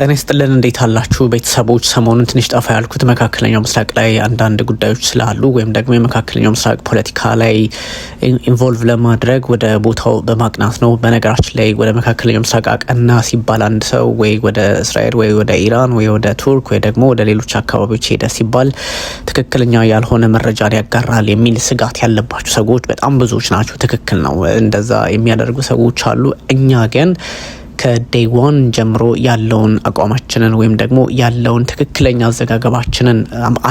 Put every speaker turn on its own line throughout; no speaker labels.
ጤና ይስጥልን እንዴት አላችሁ ቤተሰቦች? ሰሞኑን ትንሽ ጠፋ ያልኩት መካከለኛው ምስራቅ ላይ አንዳንድ ጉዳዮች ስላሉ ወይም ደግሞ የመካከለኛው ምስራቅ ፖለቲካ ላይ ኢንቮልቭ ለማድረግ ወደ ቦታው በማቅናት ነው። በነገራችን ላይ ወደ መካከለኛው ምስራቅ አቀና ሲባል አንድ ሰው ወይ ወደ እስራኤል ወይ ወደ ኢራን ወይ ወደ ቱርክ ወይ ደግሞ ወደ ሌሎች አካባቢዎች ሄደ ሲባል ትክክለኛ ያልሆነ መረጃ ያጋራል የሚል ስጋት ያለባቸው ሰዎች በጣም ብዙዎች ናቸው። ትክክል ነው። እንደዛ የሚያደርጉ ሰዎች አሉ። እኛ ግን ከዴይ ዋን ጀምሮ ያለውን አቋማችንን ወይም ደግሞ ያለውን ትክክለኛ አዘጋገባችንን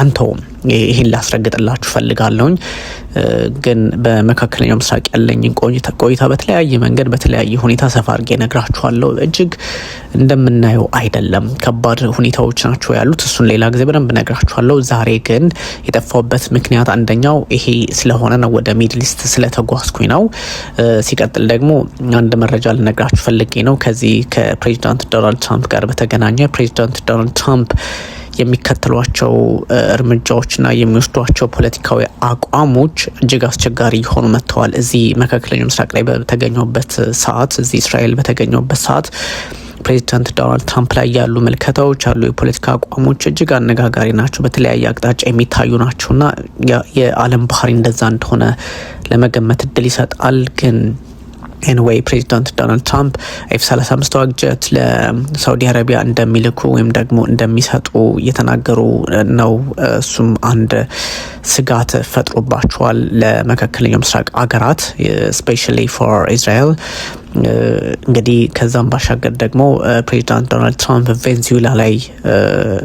አንተውም። ይህን ላስረግጥላችሁ ፈልጋለሁኝ። ግን በመካከለኛው ምስራቅ ያለኝን ቆይታ በተለያየ መንገድ በተለያየ ሁኔታ ሰፋ አድርጌ ነግራችኋለሁ። እጅግ እንደምናየው አይደለም፣ ከባድ ሁኔታዎች ናቸው ያሉት። እሱን ሌላ ጊዜ በደንብ ነግራችኋለሁ። ዛሬ ግን የጠፋውበት ምክንያት አንደኛው ይሄ ስለሆነ ነው፣ ወደ ሚድሊስት ስለተጓዝኩኝ ነው። ሲቀጥል ደግሞ አንድ መረጃ ልነግራችሁ ፈልጌ ነው። ከዚህ ከፕሬዚዳንት ዶናልድ ትራምፕ ጋር በተገናኘ ፕሬዚዳንት ዶናልድ ትራምፕ የሚከተሏቸው እርምጃዎችና የሚወስዷቸው ፖለቲካዊ አቋሞች እጅግ አስቸጋሪ እየሆኑ መጥተዋል። እዚህ መካከለኛው ምስራቅ ላይ በተገኘበት ሰዓት እዚህ እስራኤል በተገኘበት ሰዓት ፕሬዚዳንት ዶናልድ ትራምፕ ላይ ያሉ ምልከታዎች አሉ፣ የፖለቲካ አቋሞች እጅግ አነጋጋሪ ናቸው። በተለያየ አቅጣጫ የሚታዩ ናቸውና የዓለም ባህሪ እንደዛ እንደሆነ ለመገመት እድል ይሰጣል ግን ኤንዌይ ፕሬዚዳንት ዶናልድ ትራምፕ ኤፍ 35 ተዋጊ ጀት ለሳውዲ አረቢያ እንደሚልኩ ወይም ደግሞ እንደሚሰጡ እየተናገሩ ነው። እሱም አንድ ስጋት ፈጥሮባቸዋል ለመካከለኛው ምስራቅ አገራት ስፔሻሊ ፎር ኢስራኤል እንግዲህ ከዛም ባሻገር ደግሞ ፕሬዚዳንት ዶናልድ ትራምፕ ቬንዙዌላ ላይ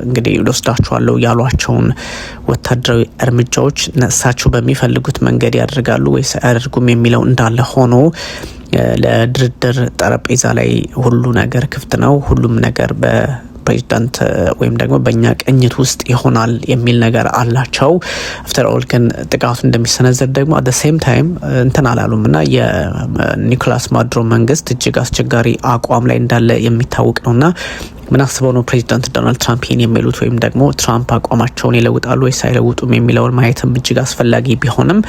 እንግዲህ ልወስዳቸዋለሁ ያሏቸውን ወታደራዊ እርምጃዎች እሳቸው በሚፈልጉት መንገድ ያደርጋሉ ወይስ አያደርጉም የሚለው እንዳለ ሆኖ ለድርድር ጠረጴዛ ላይ ሁሉ ነገር ክፍት ነው። ሁሉም ነገር በ ፕሬዚዳንት ወይም ደግሞ በእኛ ቅኝት ውስጥ ይሆናል የሚል ነገር አላቸው። አፍተር ኦል ግን ጥቃቱ እንደሚሰነዘር ደግሞ አደ ሴም ታይም እንትን አላሉም እና የኒኮላስ ማድሮ መንግስት እጅግ አስቸጋሪ አቋም ላይ እንዳለ የሚታወቅ እና ምን አስበው ነው ፕሬዚዳንት ዶናልድ ትራምፕ ይህን የሚሉት ወይም ደግሞ ትራምፕ አቋማቸውን ይለውጣሉ ወይስ አይለውጡም የሚለውን ማየትም እጅግ አስፈላጊ ቢሆንም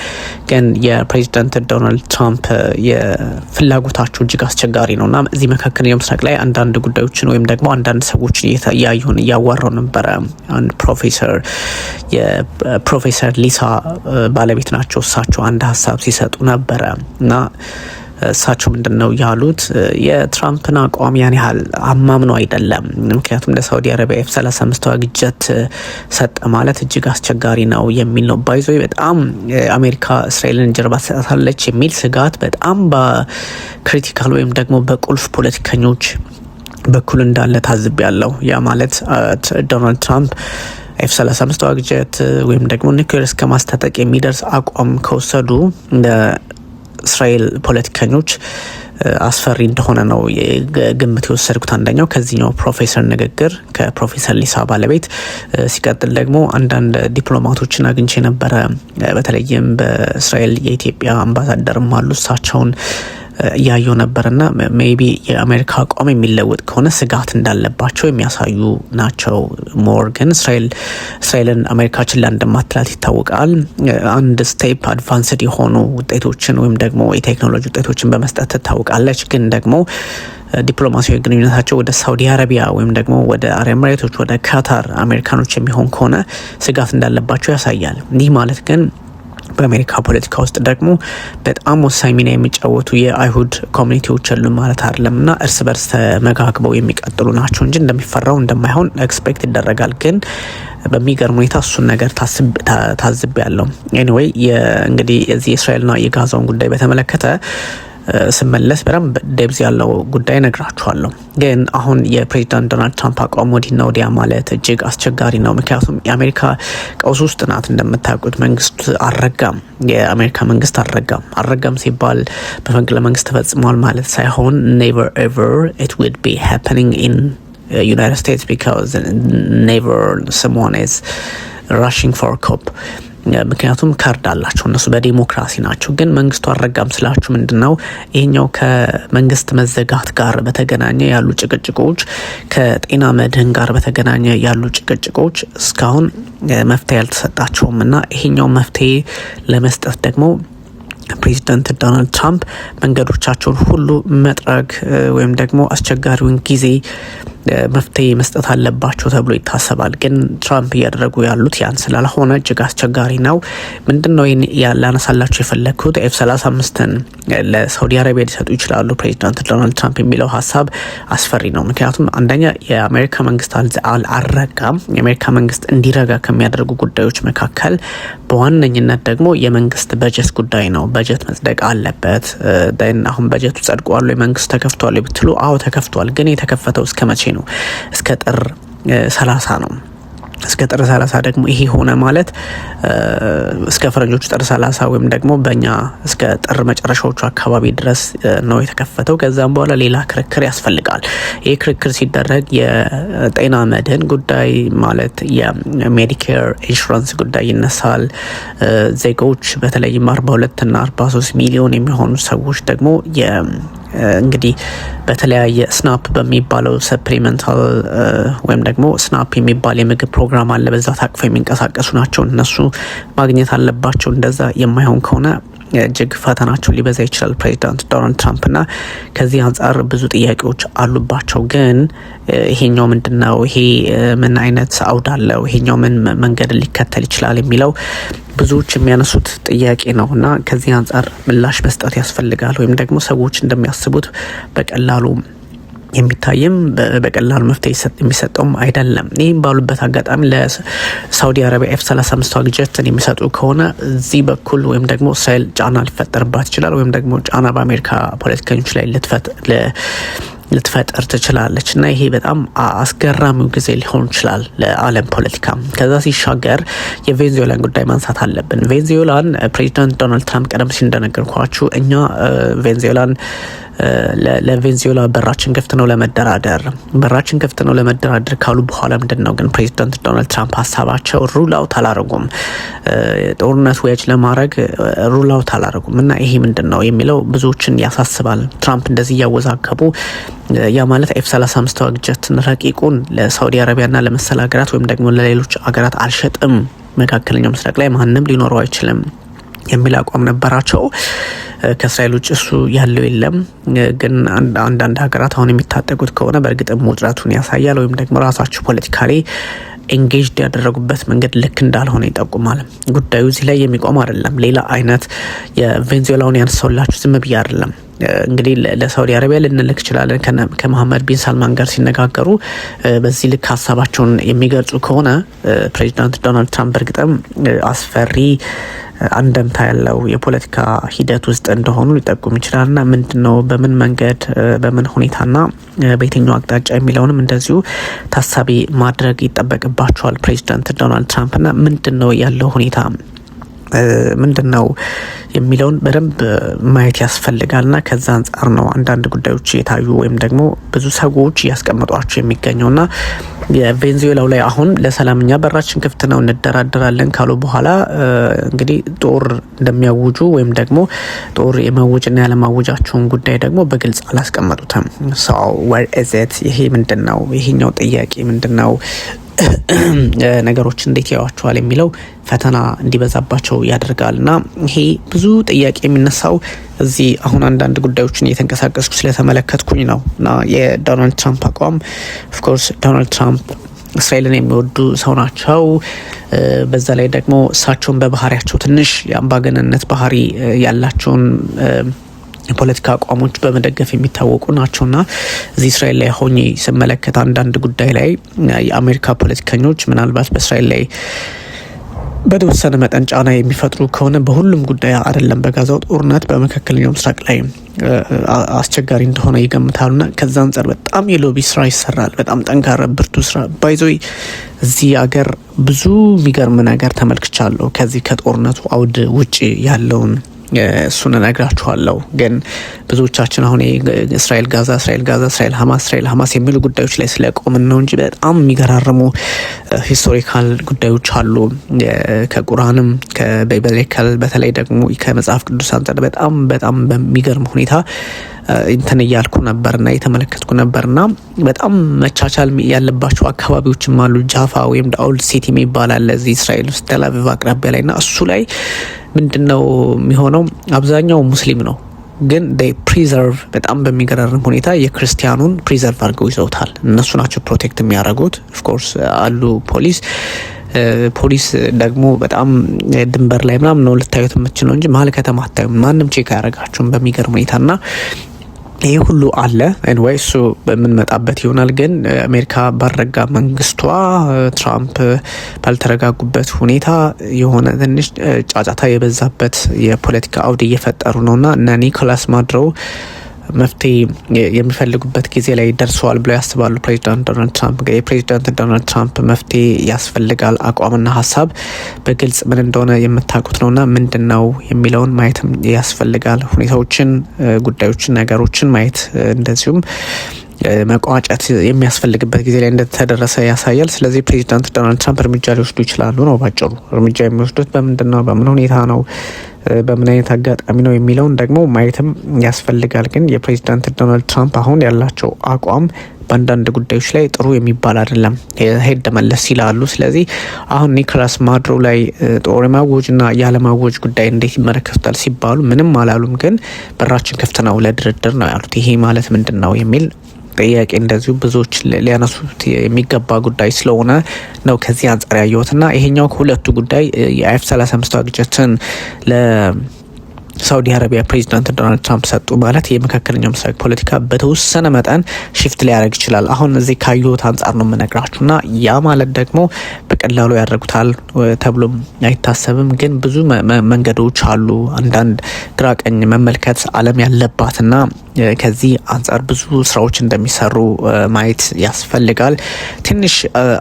ግን የፕሬዚዳንት ዶናልድ ትራምፕ የፍላጎታቸው እጅግ አስቸጋሪ ነው እና እዚህ መካከል የምስራቅ ላይ አንዳንድ ጉዳዮችን ወይም ደግሞ አንዳንድ ሰዎችን እያዩን እያዋራው ነበረ። አንድ ፕሮፌሰር የፕሮፌሰር ሊሳ ባለቤት ናቸው። እሳቸው አንድ ሀሳብ ሲሰጡ ነበረ እና እሳቸው ምንድን ነው ያሉት? የትራምፕን አቋም ያን ያህል አማምኖ አይደለም። ምክንያቱም ለሳውዲ አረቢያ ኤፍ 35 ተዋጊጀት ሰጠ ማለት እጅግ አስቸጋሪ ነው የሚል ነው። ባይዞ በጣም አሜሪካ እስራኤልን ጀርባ ትሰጣታለች የሚል ስጋት በጣም በክሪቲካል ወይም ደግሞ በቁልፍ ፖለቲከኞች በኩል እንዳለ ታዝብ ያለው ያ ማለት ዶናልድ ትራምፕ ኤፍ 35 ተዋጊ ጀት ወይም ደግሞ ኒውክሌር እስከ ማስታጠቅ የሚደርስ አቋም ከወሰዱ እስራኤል ፖለቲከኞች አስፈሪ እንደሆነ ነው ግምት የወሰድኩት። አንደኛው ከዚህኛው ፕሮፌሰር ንግግር ከፕሮፌሰር ሊሳ ባለቤት ሲቀጥል ደግሞ አንዳንድ ዲፕሎማቶችን አግኝቼ ነበረ። በተለይም በእስራኤል የኢትዮጵያ አምባሳደርም አሉ እሳቸውን እያየው ነበርና ሜቢ የአሜሪካ አቋም የሚለወጥ ከሆነ ስጋት እንዳለባቸው የሚያሳዩ ናቸው። ሞር ግን እስራኤልን አሜሪካ ችላ እንደማትላት ይታወቃል። አንድ ስቴፕ አድቫንስድ የሆኑ ውጤቶችን ወይም ደግሞ የቴክኖሎጂ ውጤቶችን በመስጠት ትታወቃለች። ግን ደግሞ ዲፕሎማሲያዊ ግንኙነታቸው ወደ ሳውዲ አረቢያ ወይም ደግሞ ወደ አረብ ወደ ካታር አሜሪካኖች የሚሆን ከሆነ ስጋት እንዳለባቸው ያሳያል። ይህ ማለት ግን በአሜሪካ ፖለቲካ ውስጥ ደግሞ በጣም ወሳኝ ሚና የሚጫወቱ የአይሁድ ኮሚኒቲዎች አሉ ማለት አይደለም እና እርስ በርስ ተመጋግበው የሚቀጥሉ ናቸው እንጂ እንደሚፈራው እንደማይሆን ኤክስፔክት ይደረጋል። ግን በሚገርም ሁኔታ እሱን ነገር ታዝብ ያለው ኤኒዌይ እንግዲህ የዚህ የእስራኤልና የጋዛውን ጉዳይ በተመለከተ ስመለስ በደንብ ደብዝ ያለው ጉዳይ ነግራችኋለሁ። ግን አሁን የፕሬዚዳንት ዶናልድ ትራምፕ አቋም ወዲህና ወዲያ ማለት እጅግ አስቸጋሪ ነው። ምክንያቱም የአሜሪካ ቀውስ ውስጥ ናት። እንደምታውቁት መንግስት አልረጋም። የአሜሪካ መንግስት አልረጋም። አልረጋም ሲባል በመንግለ መንግስት ተፈጽሟል ማለት ሳይሆን ኔቨር ኤቨር ኢት ውድ ቢ ሃፐኒንግ ኢን ዩናይትድ ስቴትስ ቢካዝ ኔቨር ስሞን ኢዝ ራሽንግ ፎር ኮፕ ምክንያቱም ካርድ አላቸው እነሱ በዲሞክራሲ ናቸው። ግን መንግስቱ አረጋም ስላችሁ ምንድን ነው ይሄኛው ከመንግስት መዘጋት ጋር በተገናኘ ያሉ ጭቅጭቆች፣ ከጤና መድህን ጋር በተገናኘ ያሉ ጭቅጭቆች እስካሁን መፍትሄ አልተሰጣቸውም እና ይሄኛው መፍትሄ ለመስጠት ደግሞ ፕሬዚደንት ዶናልድ ትራምፕ መንገዶቻቸውን ሁሉ መጥረግ ወይም ደግሞ አስቸጋሪውን ጊዜ መፍትሄ መስጠት አለባቸው ተብሎ ይታሰባል። ግን ትራምፕ እያደረጉ ያሉት ያን ስላልሆነ እጅግ አስቸጋሪ ነው። ምንድን ነው ላነሳላቸው የፈለግኩት ኤፍ ሰላሳ አምስትን ለሳውዲ አረቢያ ሊሰጡ ይችላሉ ፕሬዚዳንት ዶናልድ ትራምፕ የሚለው ሀሳብ አስፈሪ ነው። ምክንያቱም አንደኛ የአሜሪካ መንግስት አልአረጋም የአሜሪካ መንግስት እንዲረጋ ከሚያደርጉ ጉዳዮች መካከል በዋነኝነት ደግሞ የመንግስት በጀት ጉዳይ ነው። በጀት መጽደቅ አለበት። አሁን በጀቱ ጸድቋል፣ የመንግስቱ ተከፍቷል ብትሉ አዎ ተከፍቷል። ግን የተከፈተው እስከ መቼ ነው እስከ ጥር ሰላሳ ነው። እስከ ጥር ሰላሳ ደግሞ ይሄ ሆነ ማለት እስከ ፈረንጆቹ ጥር ሰላሳ ወይም ደግሞ በእኛ እስከ ጥር መጨረሻዎቹ አካባቢ ድረስ ነው የተከፈተው። ከዛም በኋላ ሌላ ክርክር ያስፈልጋል። ይህ ክርክር ሲደረግ የጤና መድህን ጉዳይ ማለት የሜዲኬር ኢንሹራንስ ጉዳይ ይነሳል። ዜጎች በተለይም አርባ ሁለት ና አርባ ሶስት ሚሊዮን የሚሆኑ ሰዎች ደግሞ እንግዲህ በተለያየ ስናፕ በሚባለው ሰፕሪመንታል ወይም ደግሞ ስናፕ የሚባል የምግብ ፕሮግራም አለ። በዛ ታቅፈው የሚንቀሳቀሱ ናቸው። እነሱ ማግኘት አለባቸው። እንደዛ የማይሆን ከሆነ እጅግ ፈተናቸው ሊበዛ ይችላል ፕሬዚዳንት ዶናልድ ትራምፕ ና ከዚህ አንጻር ብዙ ጥያቄዎች አሉባቸው። ግን ይሄኛው ምንድን ነው? ይሄ ምን አይነት አውድ አለው? ይሄኛው ምን መንገድ ሊከተል ይችላል የሚለው ብዙዎች የሚያነሱት ጥያቄ ነው እና ከዚህ አንጻር ምላሽ መስጠት ያስፈልጋል ወይም ደግሞ ሰዎች እንደሚያስቡት በቀላሉ የሚታይም በቀላሉ መፍትሄ የሚሰጠውም አይደለም። ይህም ባሉበት አጋጣሚ ለሳውዲ አረቢያ ኤፍ 35 ተዋጊ ጀትን የሚሰጡ ከሆነ እዚህ በኩል ወይም ደግሞ እስራኤል ጫና ሊፈጠርባት ይችላል ወይም ደግሞ ጫና በአሜሪካ ፖለቲከኞች ላይ ልትፈት ልትፈጠር ትችላለች እና ይሄ በጣም አስገራሚው ጊዜ ሊሆን ይችላል ለዓለም ፖለቲካ። ከዛ ሲሻገር የቬንዙዌላን ጉዳይ ማንሳት አለብን። ቬንዙዌላን ፕሬዚዳንት ዶናልድ ትራምፕ ቀደም ሲል እንደነገርኳችሁ እኛ ቬንዙዌላን ለቬንዙዌላ በራችን ክፍት ነው ለመደራደር በራችን ክፍት ነው ለመደራደር ካሉ በኋላ ምንድን ነው ግን ፕሬዚዳንት ዶናልድ ትራምፕ ሀሳባቸው ሩላውት አላርጉም አላረጉም። ጦርነት ወያጅ ለማድረግ ሩላውት አላርጉም አላረጉም እና ይሄ ምንድን ነው የሚለው ብዙዎችን ያሳስባል። ትራምፕ እንደዚህ እያወዛገቡ ያ ማለት ኤፍ 35 ተዋጊ ረቂቁን ለሳውዲ አረቢያና ለመሰል ሀገራት ወይም ደግሞ ለሌሎች ሀገራት አልሸጥም፣ መካከለኛው ምስራቅ ላይ ማንም ሊኖረው አይችልም የሚል አቋም ነበራቸው። ከእስራኤል ውጭ እሱ ያለው የለም። ግን አንዳንድ ሀገራት አሁን የሚታጠቁት ከሆነ በእርግጥም ውጥረቱን ያሳያል፣ ወይም ደግሞ ራሳቸው ፖለቲካሊ ኤንጌጅድ ያደረጉበት መንገድ ልክ እንዳልሆነ ይጠቁማል። ጉዳዩ እዚህ ላይ የሚቆም አይደለም። ሌላ አይነት የቬንዙዌላውን ያነሳውላችሁ ዝም ብዬ አይደለም። እንግዲህ ለሳውዲ አረቢያ ልንልክ እንችላለን። ከመሐመድ ቢን ሳልማን ጋር ሲነጋገሩ በዚህ ልክ ሀሳባቸውን የሚገልጹ ከሆነ ፕሬዚዳንት ዶናልድ ትራምፕ በእርግጥም አስፈሪ አንደምታ ያለው የፖለቲካ ሂደት ውስጥ እንደሆኑ ሊጠቁም ይችላል ና ምንድን ነው በምን መንገድ በምን ና በየትኛው አቅጣጫ የሚለውንም እንደዚሁ ታሳቢ ማድረግ ይጠበቅባቸዋል። ፕሬዚዳንት ዶናልድ ትራምፕ እና ምንድን ነው ያለው ሁኔታ ምንድን ነው የሚለውን በደንብ ማየት ያስፈልጋል። ና ከዛ አንጻር ነው አንዳንድ ጉዳዮች የታዩ ወይም ደግሞ ብዙ ሰዎች እያስቀመጧቸው የሚገኘው ና የቬንዙዌላው ላይ አሁን ለሰላምኛ በራችን ክፍት ነው እንደራደራለን ካሉ በኋላ እንግዲህ ጦር እንደሚያውጁ ወይም ደግሞ ጦር ና ያለማወጃቸውን ጉዳይ ደግሞ በግልጽ አላስቀመጡትም። ሰው ወር ይሄ ምንድን ነው? ይሄኛው ጥያቄ ምንድን ነው? ነገሮች እንዴት ያዋቸዋል የሚለው ፈተና እንዲበዛባቸው ያደርጋል እና ይሄ ብዙ ጥያቄ የሚነሳው እዚህ አሁን አንዳንድ ጉዳዮችን እየተንቀሳቀስኩ ስለተመለከትኩኝ ነው እና የዶናልድ ትራምፕ አቋም ኦፍኮርስ ዶናልድ ትራምፕ እስራኤልን የሚወዱ ሰው ናቸው። በዛ ላይ ደግሞ እሳቸውን በባህሪያቸው ትንሽ የአምባገነነት ባህሪ ያላቸውን የፖለቲካ አቋሞች በመደገፍ የሚታወቁ ናቸውና እዚህ እስራኤል ላይ ሆኜ ስመለከት አንዳንድ ጉዳይ ላይ የአሜሪካ ፖለቲከኞች ምናልባት በእስራኤል ላይ በተወሰነ መጠን ጫና የሚፈጥሩ ከሆነ በሁሉም ጉዳይ አይደለም፣ በጋዛው ጦርነት በመካከለኛው ምስራቅ ላይ አስቸጋሪ እንደሆነ ይገምታሉና ከዛ አንጻር በጣም የሎቢ ስራ ይሰራል። በጣም ጠንካራ ብርቱ ስራ ባይዞይ እዚህ አገር ብዙ የሚገርም ነገር ተመልክቻለሁ። ከዚህ ከጦርነቱ አውድ ውጭ ያለውን እሱን እነግራችኋለሁ። ግን ብዙዎቻችን አሁን እስራኤል ጋዛ፣ እስራኤል ጋዛ፣ እስራኤል ሀማስ፣ እስራኤል ሀማስ የሚሉ ጉዳዮች ላይ ስለቆምን ነው እንጂ በጣም የሚገራርሙ ሂስቶሪካል ጉዳዮች አሉ። ከቁርአንም ከባይበሊካል በተለይ ደግሞ ከመጽሐፍ ቅዱስ አንጻር በጣም በጣም በሚገርም ሁኔታ እንትን እያልኩ ነበርና የተመለከትኩ ነበርና በጣም መቻቻል ያለባቸው አካባቢዎችም አሉ። ጃፋ ወይም ኦልድ ሲቲ የሚባል አለ እዚህ እስራኤል ውስጥ ተላቪቭ አቅራቢያ ላይ ና እሱ ላይ ምንድን ነው የሚሆነው አብዛኛው ሙስሊም ነው ግን ፕሪዘርቭ በጣም በሚገረርም ሁኔታ የክርስቲያኑን ፕሪዘርቭ አድርገው ይዘውታል። እነሱ ናቸው ፕሮቴክት የሚያደርጉት። ኦፍኮርስ አሉ ፖሊስ ፖሊስ ደግሞ በጣም ድንበር ላይ ምናምን ነው ልታዩት የምችለው እንጂ መሀል ከተማ አታዩም። ማንም ቼክ አያደርጋችሁም በሚገርም ሁኔታ ና ይህ ሁሉ አለ ወይ እሱ በምንመጣበት ይሆናል። ግን አሜሪካ ባረጋ መንግስቷ ትራምፕ ባልተረጋጉበት ሁኔታ የሆነ ትንሽ ጫጫታ የበዛበት የፖለቲካ አውድ እየፈጠሩ ነውና እነ ኒኮላስ ማድሮው መፍትሄ የሚፈልጉበት ጊዜ ላይ ደርሰዋል ብለው ያስባሉ ፕሬዚዳንት ዶናልድ ትራምፕ። የፕሬዚዳንት ዶናልድ ትራምፕ መፍትሄ ያስፈልጋል አቋምና ሀሳብ በግልጽ ምን እንደሆነ የምታውቁት ነውና ምንድን ነው የሚለውን ማየትም ያስፈልጋል። ሁኔታዎችን፣ ጉዳዮችን፣ ነገሮችን ማየት እንደዚሁም መቋጨት የሚያስፈልግበት ጊዜ ላይ እንደተደረሰ ያሳያል። ስለዚህ ፕሬዚዳንት ዶናልድ ትራምፕ እርምጃ ሊወስዱ ይችላሉ ነው ባጭሩ። እርምጃ የሚወስዱት በምንድን ነው? በምን ሁኔታ ነው? በምን አይነት አጋጣሚ ነው የሚለውን ደግሞ ማየትም ያስፈልጋል። ግን የፕሬዚዳንት ዶናልድ ትራምፕ አሁን ያላቸው አቋም በአንዳንድ ጉዳዮች ላይ ጥሩ የሚባል አይደለም፣ ሄድ መለስ ይላሉ። ስለዚህ አሁን ኒኮላስ ማዱሮ ላይ ጦር የማወጅና ያለማወጅ ጉዳይ እንዴት ይመለከቱታል ሲባሉ ምንም አላሉም፣ ግን በራችን ክፍት ነው ለድርድር ነው ያሉት። ይሄ ማለት ምንድን ነው የሚል ጥያቄ እንደዚሁ ብዙዎች ሊያነሱት የሚገባ ጉዳይ ስለሆነ ነው ከዚህ አንጻር ያየሁትና ይሄኛው ከሁለቱ ጉዳይ የኤፍ አምስት ዋግጀትን ለ ሳውዲ አረቢያ ፕሬዚዳንት ዶናልድ ትራምፕ ሰጡ ማለት የመካከለኛው ምስራቅ ፖለቲካ በተወሰነ መጠን ሽፍት ሊያደርግ ይችላል። አሁን እዚህ ካየሁት አንጻር ነው የምነግራችሁ ና ያ ማለት ደግሞ በቀላሉ ያደርጉታል ተብሎም አይታሰብም። ግን ብዙ መንገዶች አሉ። አንዳንድ ግራቀኝ መመልከት አለም ያለባት ና ከዚህ አንጻር ብዙ ስራዎች እንደሚሰሩ ማየት ያስፈልጋል። ትንሽ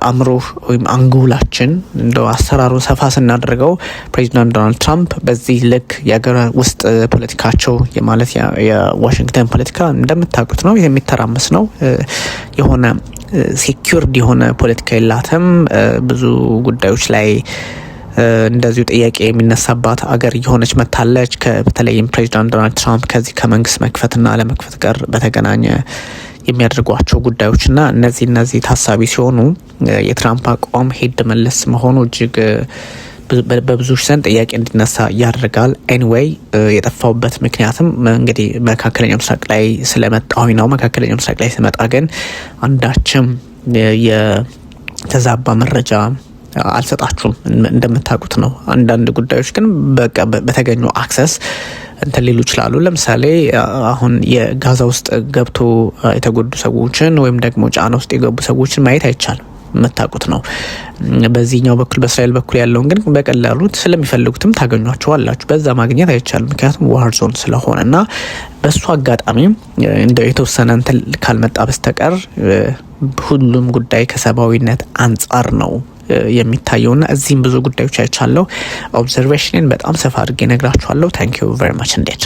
አእምሮ ወይም አንጉላችን እንደ አሰራሩን ሰፋ ስናደርገው ፕሬዚዳንት ዶናልድ ትራምፕ በዚህ ልክ ውስጥ ፖለቲካቸው ማለት የዋሽንግተን ፖለቲካ እንደምታውቁት ነው የሚተራመስ ነው። የሆነ ሴኪርድ የሆነ ፖለቲካ የላትም። ብዙ ጉዳዮች ላይ እንደዚሁ ጥያቄ የሚነሳባት አገር እየሆነች መታለች። በተለይም ፕሬዚዳንት ዶናልድ ትራምፕ ከዚህ ከመንግስት መክፈትና አለመክፈት ጋር በተገናኘ የሚያደርጓቸው ጉዳዮችና እነዚህ እነዚህ ታሳቢ ሲሆኑ የትራምፕ አቋም ሄድ መለስ መሆኑ እጅግ በብዙዎች ዘንድ ጥያቄ እንዲነሳ ያደርጋል። ኤኒዌይ የጠፋውበት ምክንያትም እንግዲህ መካከለኛ ምስራቅ ላይ ስለመጣሁኝ ነው። መካከለኛ ምስራቅ ላይ ስመጣ ግን አንዳችም የተዛባ መረጃ አልሰጣችሁም እንደምታውቁት ነው። አንዳንድ ጉዳዮች ግን በተገኙ አክሰስ እንትን ሊሉ ይችላሉ። ለምሳሌ አሁን የጋዛ ውስጥ ገብቶ የተጎዱ ሰዎችን ወይም ደግሞ ጫና ውስጥ የገቡ ሰዎችን ማየት አይቻልም። የምታውቁት ነው። በዚህኛው በኩል በእስራኤል በኩል ያለውን ግን በቀላሉ ስለሚፈልጉትም ታገኟቸዋላችሁ። በዛ ማግኘት አይቻልም፣ ምክንያቱም ዋር ዞን ስለሆነ እና በሱ አጋጣሚ እንደ የተወሰነ እንትን ካልመጣ በስተቀር ሁሉም ጉዳይ ከሰብአዊነት አንጻር ነው የሚታየውና እዚህም ብዙ ጉዳዮች አይቻለሁ። ኦብዘርቬሽንን በጣም ሰፋ አድርጌ ነግራችኋለሁ። ታንክ ዩ ቨሪ ማች እንዴት